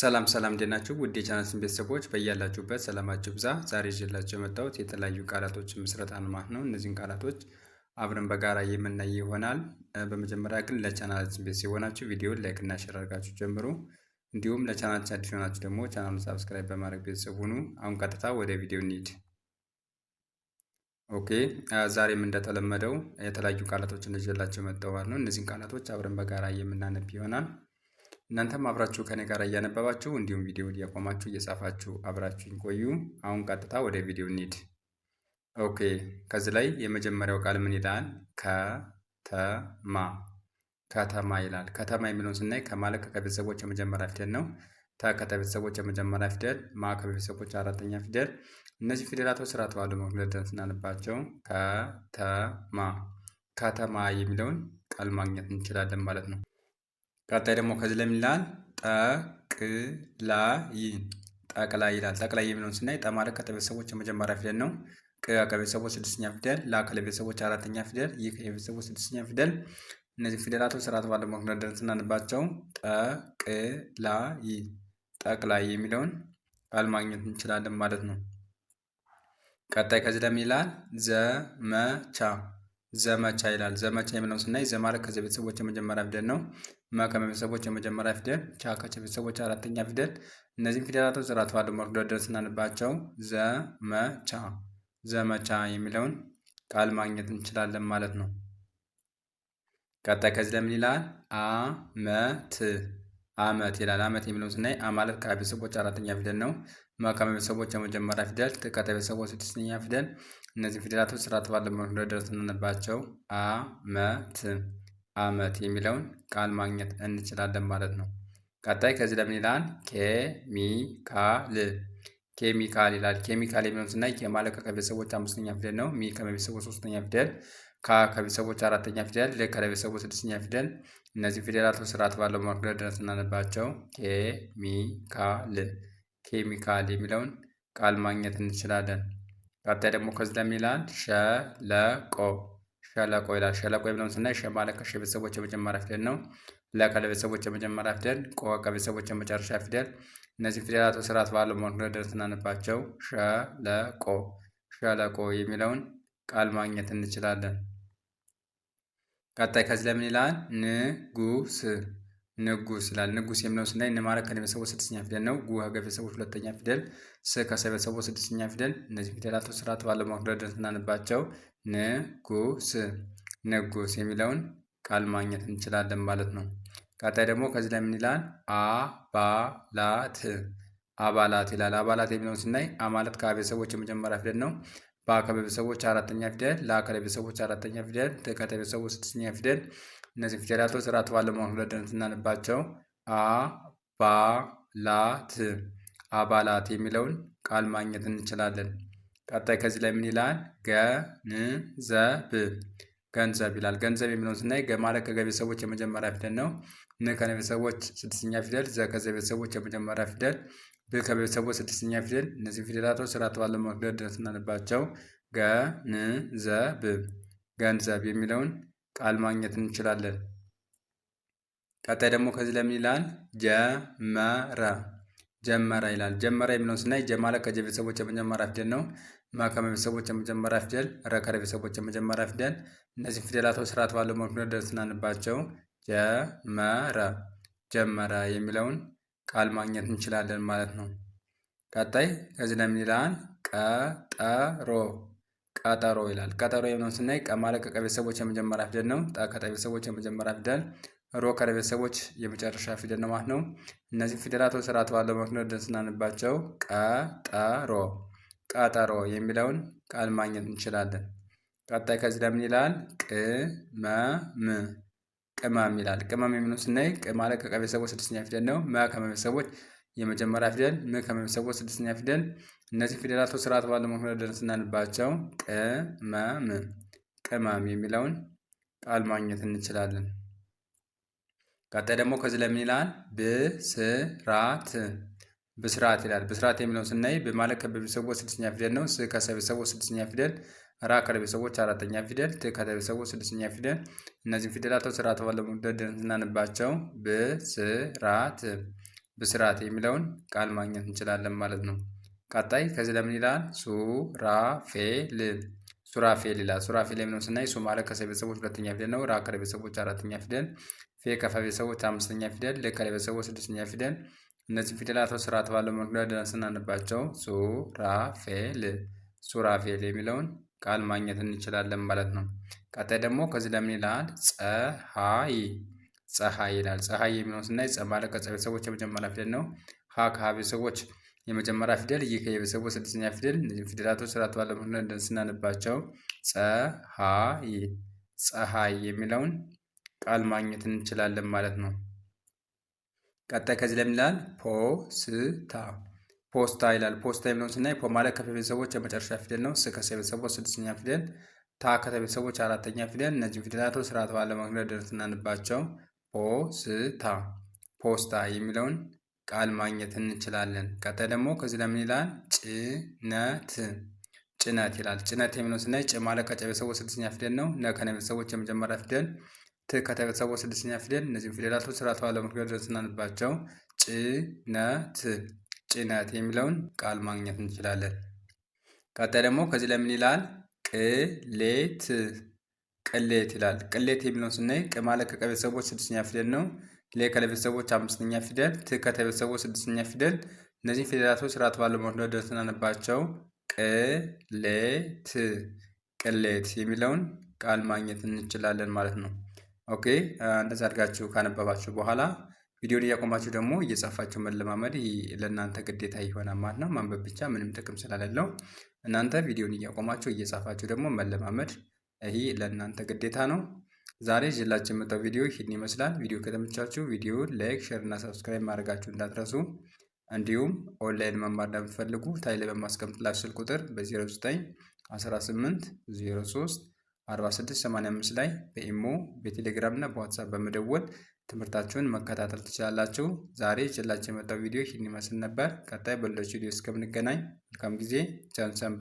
ሰላም ሰላም እንዴት ናችሁ? ውድ የቻናላችን ቤተሰቦች በያላችሁበት ሰላማችሁ ብዛ። ዛሬ ይዤላችሁ የመጣሁት የተለያዩ ቃላቶች ምስረታ ማለት ነው። እነዚህን ቃላቶች አብረን በጋራ የምናይ ይሆናል። በመጀመሪያ ግን ለቻናላችን ቤተሰብ የሆናችሁ ቪዲዮን ላይክ እና ሼር አድርጋችሁ ጀምሩ። እንዲሁም ለቻናላችን አዲስ የሆናችሁ ደግሞ ቻናሉን ሳብስክራይብ በማድረግ ቤተሰብ ሁኑ። አሁን ቀጥታ ወደ ቪዲዮ እንሂድ። ኦኬ ዛሬም እንደተለመደው የተለያዩ ቃላቶችን ይዤላችሁ መጥተዋል ነው። እነዚህን ቃላቶች አብረን በጋራ የምናነብ ይሆናል። እናንተም አብራችሁ ከኔ ጋር እያነበባችሁ እንዲሁም ቪዲዮን እያቆማችሁ እየጻፋችሁ አብራችሁኝ ቆዩ። አሁን ቀጥታ ወደ ቪዲዮ እንሂድ። ኦኬ፣ ከዚህ ላይ የመጀመሪያው ቃል ምን ይላል? ከተማ ከተማ ይላል። ከተማ የሚለውን ስናይ ከማለት ከቤተሰቦች የመጀመሪያ ፊደል ነው። ተ ከቤተሰቦች የመጀመሪያ ፊደል፣ ማ ከቤተሰቦች አራተኛ ፊደል። እነዚህ ፊደላቶች ስርዓት ባለው መክለል ስናነባቸው ከተማ ከተማ የሚለውን ቃል ማግኘት እንችላለን ማለት ነው። ቀጣይ ደግሞ ከዚህ ለሚላል ጠቅላይ ጠቅላይ ይላል። ጠቅላይ የሚለውን ስናይ ጠ ከቤተሰቦች የመጀመሪያ ፊደል ነው። ቅ ከቤተሰቦች ስድስተኛ ፊደል፣ ላ ከለቤተሰቦች አራተኛ ፊደል፣ ይህ ከቤተሰቦች ስድስተኛ ፊደል። እነዚህ ፊደላቶች ስርዓት ባለ መክነደር ስናነባቸው ጠቅላይ ጠቅላይ የሚለውን ቃል ማግኘት እንችላለን ማለት ነው። ቀጣይ ከዚህ ለሚላል ዘመቻ ዘመቻ ይላል። ዘመቻ የሚለውን ስናይ ዘ ማለት ከዘ ቤተሰቦች የመጀመሪያ ፊደል ነው። መ ከመቤተሰቦች የመጀመሪያ ፊደል፣ ቻ ከቤተሰቦች አራተኛ ፊደል። እነዚህም ፊደላቶች ስርዓት ባለው መልኩ ደርድረን ስናነባቸው ዘመቻ ዘመቻ የሚለውን ቃል ማግኘት እንችላለን ማለት ነው። ቀጣይ ከዚህ ለምን ይላል አመት አመት ይላል። አመት የሚለውን ስናይ አ ማለት ከቤተሰቦች አራተኛ ፊደል ነው። ማ ቤተሰቦች የመጀመሪያ ፊደል፣ ት ቤተሰቦች ስድስተኛ ፊደል። እነዚህ ፊደላቶች ስርዓት ባለው መልኩ ደርድረን ስናነባቸው አመት አመት የሚለውን ቃል ማግኘት እንችላለን ማለት ነው። ቀጣይ ከዚህ ለምን ይላል? ኬሚካል ኬሚካል ይላል። ኬሚካል የሚለውን ስናይ ኬ ከቤተሰቦች አምስተኛ ፊደል ነው። ሚ ከቤተሰቦች ሶስተኛ ፊደል ካ ከቤተሰቦች አራተኛ ፊደል ል ከቤተሰቦች ስድስተኛ ፊደል። እነዚህ ፊደላቶች ስርዓት ባለው መልኩ ደርድረን ስናነባቸው ኬሚካል ኬሚካል የሚለውን ቃል ማግኘት እንችላለን። ቀጣይ ደግሞ ከዚህ ለሚላል ሸለቆ ሸለቆ ይላል። ሸለቆ የሚለውን ስናይ ሸ ማለት ከሸ ቤተሰቦች የመጀመሪያ ፊደል ነው። ለ ከለቤተሰቦች የመጀመሪያ ፊደል፣ ቆ ከቤተሰቦች የመጨረሻ ፊደል። እነዚህ ፊደላት ስርዓት ባለው መሆን ደርድረን ስናነባቸው ሸለቆ ሸለቆ የሚለውን ቃል ማግኘት እንችላለን። ቀጣይ ከዚህ ለምን ይላል ንጉስ ንጉስ ይላል። ንጉስ የሚለውን ስናይ ንማረ ከነ ቤተሰቡ ስድስተኛ ፊደል ነው። ጉ ከገ ቤተሰቡ ሁለተኛ ፊደል፣ ስ ከሰ ቤተሰቡ ስድስተኛ ፊደል። እነዚህ ፊደላት ስርዓት ባለው ማክረድ ስናነባቸው ንጉስ ንጉስ የሚለውን ቃል ማግኘት እንችላለን ማለት ነው። ቀጣይ ደግሞ ከዚህ ላይ ምን ይላል? አባላት አባላት ይላል። አባላት የሚለውን ስናይ አ ማለት ከአ የመጀመሪያ ፊደል ነው። ባ ከበ አራተኛ ፊደል፣ ላ ከለ አራተኛ ፊደል፣ ት ከተ ስድስተኛ ፊደል እነዚህ ፊደላቶች ስርዓት ባለው መሆን ሁለደን ስናነባቸው አ ባ ላ አባላት የሚለውን ቃል ማግኘት እንችላለን። ቀጣይ ከዚህ ላይ ምን ይላል? ገንዘብ ገንዘብ ይላል። ገንዘብ የሚለውን ስናይ ገ ማለት ከገ ቤተሰቦች የመጀመሪያ ፊደል ነው። ን ከነ ቤተሰቦች ስድስተኛ ፊደል፣ ዘ ከዘ ቤተሰቦች የመጀመሪያ ፊደል፣ ብ ከቤተሰቦች ስድስተኛ ፊደል። እነዚህ ፊደላቶች ስርዓት ባለው መሆን ሁለደን ስናነባቸው ገንዘብ ገንዘብ የሚለውን ቃል ማግኘት እንችላለን። ቀጣይ ደግሞ ከዚህ ለምን ይላል ጀመረ ጀመረ ይላል። ጀመረ የሚለውን ስናይ ጀ ማለት ከጀ ቤተሰቦች የመጀመሪያ ፊደል ነው። ማ ከመ ቤተሰቦች የመጀመሪያ ፊደል፣ ረ ከረ ቤተሰቦች የመጀመሪያ ፊደል። እነዚህ ፊደላቶች ስርዓት ባለው መልኩ ደርድረን ስናነባቸው ጀመረ ጀመረ የሚለውን ቃል ማግኘት እንችላለን ማለት ነው። ቀጣይ ከዚህ ለምን ይላል ቀጠሮ ቀጠሮ ይላል። ቀጠሮ የሚለውን ስናይ ቀ ማለት ከቀ ቤተሰቦች የመጀመሪያ ፊደል ነው። ጠ ከጠ ቤተሰቦች የመጀመሪያ ፊደል፣ ሮ ከረ ቤተሰቦች የመጨረሻ ፊደል ነው ማለት ነው። እነዚህ ፊደላቶች ስርዓት ባለው መልኩ ደርድረን ቀጠሮ ቀጠሮ የሚለውን ቃል ማግኘት እንችላለን። ቀጣይ ከዚህ ለምን ይላል ቅመም ቅመም ይላል። ቅመም የሚለውን ስናይ ቅ ማለት ከቀ ቤተሰቦች ስድስተኛ ፊደል ነው። መ ከመ ቤተሰቦች የመጀመሪያ ፊደል ም ከመሰወት ስድስተኛ ፊደል። እነዚህ ፊደላቶች ስርዓት ባለ መሆኑ ደረስ እናንባቸው። ቅመም ቅመም የሚለውን ቃል ማግኘት እንችላለን። ቀጣይ ደግሞ ከዚህ ለምን ይላል? ብስራት ብስራት ይላል። ብስራት የሚለውን ስናይ በማለት ከቤተሰቦች ስድስተኛ ፊደል ነው። ስ ከቤተሰቦች ስድስተኛ ፊደል፣ ራ ከቤተሰቦች አራተኛ ፊደል፣ ት ከቤተሰቦች ስድስተኛ ፊደል። እነዚህም ፊደላቶች ስርዓት ባለ መሆኑ ደረስ እናንባቸው። ብስራት ብስራት የሚለውን ቃል ማግኘት እንችላለን ማለት ነው። ቀጣይ ከዚህ ለምን ይላል? ሱራፌል ሱራፌል ይላል። ሱራፌል የሚለውን ስናይ ሱ ማለት ከሰ ቤተሰቦች ሁለተኛ ፊደል ነው። ራ ከረ ቤተሰቦች አራተኛ ፊደል፣ ፌ ከፈ ቤተሰቦች አምስተኛ ፊደል፣ ል ከለ ቤተሰቦች ስድስተኛ ፊደል። እነዚህ ፊደላት ስርዓት ባለው መልኩ ደርድረን ስናነባቸው ሱራፌል ሱራፌል የሚለውን ቃል ማግኘት እንችላለን ማለት ነው። ቀጣይ ደግሞ ከዚህ ለምን ይላል? ፀሐይ ፀሐይ ይላል። ፀሐይ የሚለውን ስናይ ፀ ማለት ከፀ ቤተሰቦች የመጀመሪያ ፊደል ነው። ሀ ከሀ ቤተሰቦች የመጀመሪያ ፊደል፣ ይህ ከየ ቤተሰቦች ስድስተኛ ፊደል። እነዚህም ፊደላቶች ስርዓት ባለው መልኩ ስናነባቸው ፀሐይ ፀሐይ የሚለውን ቃል ማግኘት እንችላለን ማለት ነው። ቀጣይ ከዚህ ለሚላል ፖስታ ፖስታ ይላል። ፖስታ የሚለውን ስናይ ፖ ማለት ከፈ ቤተሰቦች የመጨረሻ ፊደል ነው። ስ ከሰ ቤተሰቦች ስድስተኛ ፊደል፣ ታ ከተ ቤተሰቦች አራተኛ ፊደል። እነዚህም ፊደላቶች ስርዓት ባለው መንገድ ደርሰን ፖስታ ፖስታ የሚለውን ቃል ማግኘት እንችላለን። ቀጣይ ደግሞ ከዚህ ለምን ይላል ጭነት ጭነት ይላል። ጭነት የሚለውን ስናይ ጭ ማለት ከጨ ቤተሰቦች ስድስተኛ ፊደል ነው። ነ ከነ ቤተሰቦች የመጀመሪያ ፊደል፣ ት ከተ ቤተሰቦች ስድስተኛ ፊደል። እነዚህም ፊደላቶች ስርዓት ባለው ምክንያት ድረስ ጭነት ጭነት የሚለውን ቃል ማግኘት እንችላለን። ቀጣይ ደግሞ ከዚህ ለምን ይላል ቅሌት ቅሌት ይላል። ቅሌት የሚለውን ስናይ ቅ ማለት ስድስተኛ ፊደል ነው። ሌ ከለቤተሰቦች አምስተኛ ፊደል፣ ት ከተቤተሰቦች ስድስተኛ ፊደል። እነዚህ ፊደላቶች ስርዓት ባለው መሆን ስናነባቸው ቅሌት ቅሌት የሚለውን ቃል ማግኘት እንችላለን ማለት ነው። ኦኬ እንደዚህ አድርጋችሁ ካነበባችሁ በኋላ ቪዲዮን እያቆማችሁ ደግሞ እየጻፋችሁ መለማመድ ለእናንተ ግዴታ ይሆና ማለት ነው። ማንበብ ብቻ ምንም ጥቅም ስለሌለው እናንተ ቪዲዮን እያቆማችሁ እየጻፋችሁ ደግሞ መለማመድ ይህ ለእናንተ ግዴታ ነው። ዛሬ ይዤላችሁ የመጣው ቪዲዮ ይህን ይመስላል። ቪዲዮ ከተመቻችሁ ቪዲዮን ላይክ፣ ሼር እና ሰብስክራይብ ማድረጋችሁ እንዳትረሱ። እንዲሁም ኦንላይን መማር ለምትፈልጉ ታች ላይ በማስቀምጥላችሁ ስልክ ቁጥር በ 0918 03 4685 ላይ በኢሞ በቴሌግራም እና በዋትሳፕ በመደወል ትምህርታችሁን መከታተል ትችላላችሁ። ዛሬ ይዤላችሁ የመጣው ቪዲዮ ይህን ይመስል ነበር። ቀጣይ በሌሎች ቪዲዮ እስከምንገናኝ መልካም ጊዜ፣ ቻን